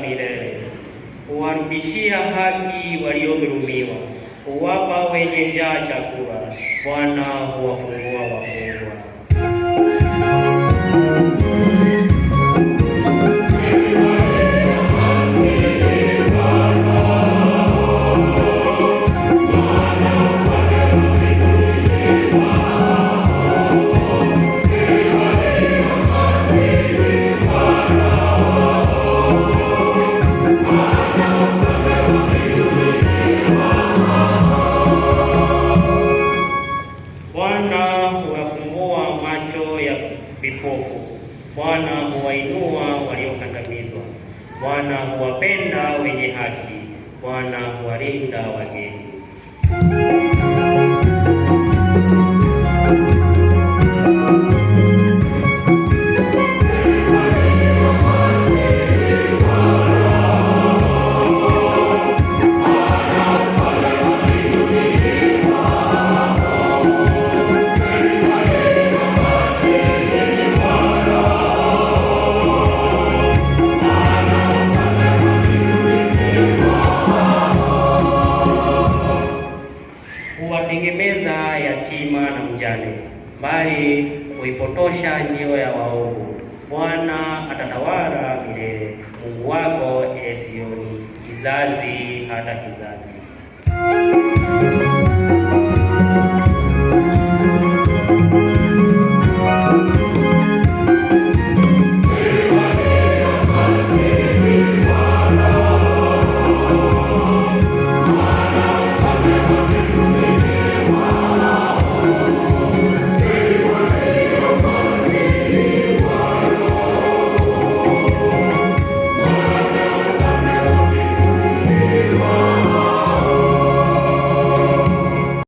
milele, huwarudishia haki waliodhulumiwa, huwapa wenye njaa chakula. Bwana huwafungua wafungwa. vipofu. Bwana huwainua waliokandamizwa. Bwana huwapenda wenye haki. Bwana huwalinda wageni. yatima na mjane, bali kuipotosha njia ya waovu. Bwana atatawala milele, Mungu wako esioni Sioni, kizazi hata kizazi.